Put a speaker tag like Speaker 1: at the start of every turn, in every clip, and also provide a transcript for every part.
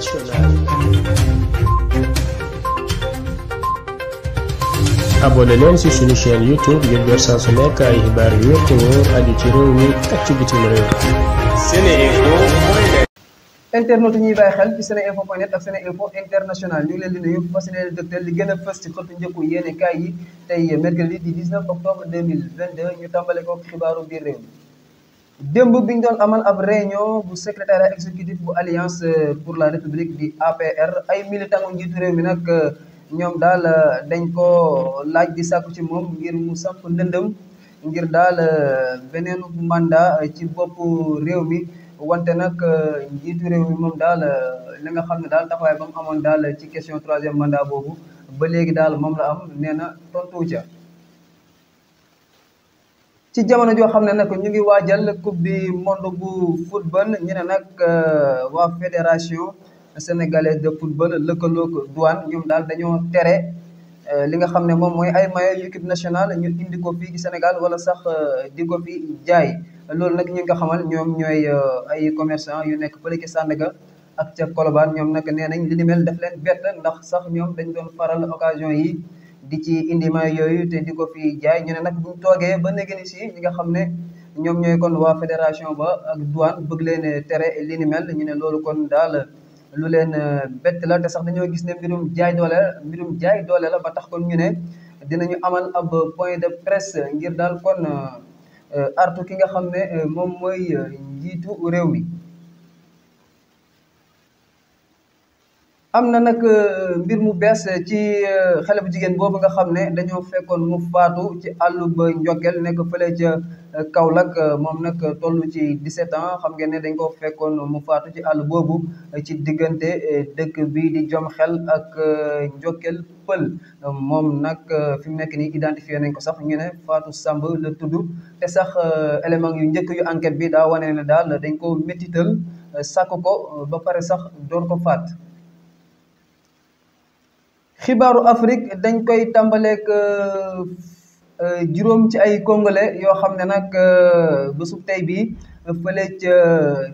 Speaker 1: internationale. abonné leen ci suñu chaîne youtube ngir jot saa su nekk ay xibaar yu wér te ci réew mi ak ci bitim réew. seneinfo.net. internet ñuy bàyyi xel ci seneinfo.net ak seneinfo international ñu ngi leen di nuyu fas yéene dëgtal li gën a fës ci xëtu njëkku yéene kaay yi tey mercredi di 19 octobre 2022 ñu tàmbale ko xibaaru biir réew mi. démb bi doon amal ab réunion bu secrétaire exécutif bu alliance euh, pour la république di APR ay militant wu njiitu réew mi nag euh, ñoom daal euh, dañ ko laaj di sàkku ci moom ngir mu samp ndëndëm ngir daal beneenu manda ci boppu réew mi wante nag njiitu réew mi moom daal li nga xam ne daal taxawaay ba mu daal ci question troisième manda boobu ba léegi daal moom am nee na tontu ca ci jamono joo xam ne nag ñu ngi waajal coupe bi monde bu football ñu ne nag euh, waa fédération sénégalaise de football lëkkaloog douane ñoom daal dañoo tere euh, li nga xam ne moom mooy ay maillot yu national nationale ñu indi ko fii ci Sénégal wala sax euh, di ko fi jaay loolu nag ñu ngi ko xamal ñoom ñooy ay commercant yu nekk fële ci ak ca Colobane ñoom nag nee nañ li ni mel daf leen bett ndax sax ñoom dañ doon faral occasion yi. di ci indima yooyu te di ko fi jaay ñu ne nag buñ toogee ba léegi ni si nga xam ne ñoom ñooy kon waa fédération ba ak douane bëgg leen tere li ni mel ñu ne loolu kon daal lu leen euh, bett la te sax dañoo gis ne mbirum jaay doole mbirum jaay doole la ba tax kon ñu ne dinañu amal ab point de presse ngir daal kon euh, artu ki nga xam ne euh, moom mooy njiitu réew mi. am na nag euh, mbir mu bees ci euh, xale bu jigéen boobu nga xam ne dañoo fekkoon mu faatu ci àllub Ndiokel nekk fële ca euh, Kaolack moom nag toll ci 17 ans xam ngeen ne dañ ko fekkoon mu faatu ci àll boobu ci diggante dëkk bi di jom xel ak Ndiokel Pël moom nag fi mu nekk nii identifié nañ ko sax ñu ne Fatou Samb la tudd te sax élément yu njëkk yu enquête bi daa wane ne daal dañ ko métital sàkk ko ba pare sax door ko faat xibaaru Afrique dañ koy tàmbaleek euh, euh, juróom ci ay congolais yoo xam ne nag euh, bésub tey bii fële ca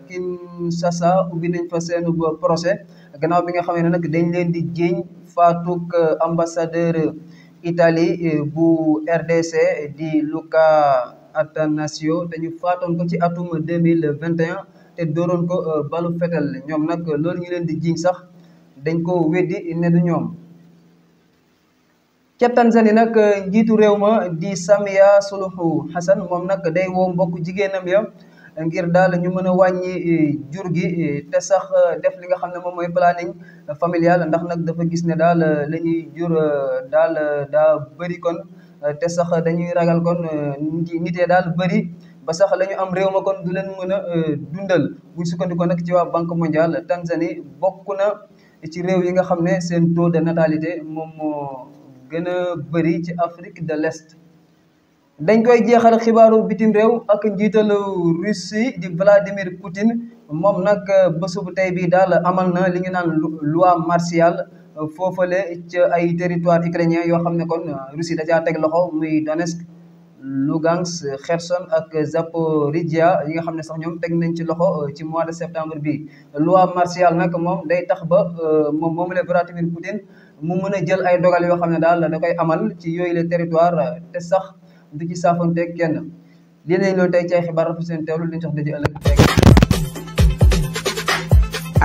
Speaker 1: Kinshasa ubbi dañ fa seenu procès gannaaw bi nga xam ne nag dañ leen di jiiñ faatuk ambassadeur Italie bu RDC di Luca Attanasio te faatoon ko ci atum deux mille vingt et te dooroon ko balu fetal ñoom nag loolu ñu leen di jiiñ sax dañ ko weddi ne ñoom. ca Tanzanie nag eh, njiitu réew ma di Samia Suluhu Hassan moom nag day woo mbokk jigéenam ya ngir daal ñu mën a wàññi eh, jur gi eh, te sax def li nga xam ne moom mooy planning familial ndax nag dafa gis ne daal la ñuy daal daa bëri kon te sax dañuy ragal kon nitee daal bëri ba sax lañu am réew ma kon du leen mën a dundal bu ñu sukkandikoo nag ci waa banque mondiale Tanzanie bokk na ci réew yi nga xam ne seen taux de natalité moom moo gën bëri ci Afrique de l'Est dañ koy jeexal xibaaru bitim réew ak njiitalu Russie di Vladimir Poutine moom nag bésu bu tey bii daal amal na li nga naan loi martiale foofale ci ay territoire ukrainien yoo xam ne kon Russie da caa teg loxo muy Donetsk Lugansk Kherson ak Zaporijia yi nga xam ne sax ñoom teg nañ ci loxo euh, ci mois de septembre bi loi martiale nag moom day tax ba euh, moom moomule Vladimir Poutine mu mën a jël ay dogal yoo xam ne daal da koy amal ci yooyu le territoire te sax du ci saafonteeg kenn lii lañ loolu tey ci ay xibaar rafet seen teewlu li ñu tax daje ëllëg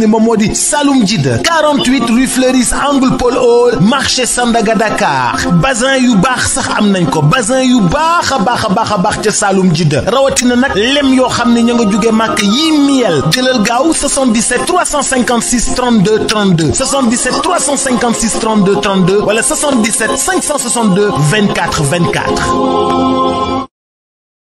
Speaker 2: xam moom moo di Saloum Jide 48 rue Fleuris angle Paul Hall marché Sandaga Dakar bazin yu baax sax am nañ ko basin yu baax a baax a baax a baax ca Saloum Jide rawatina nag lem yoo xam ne ña nga jóge màkk yii miel jëlal gaaw 77 356 32 32 77 356 32 32 wala 77 562 24 24.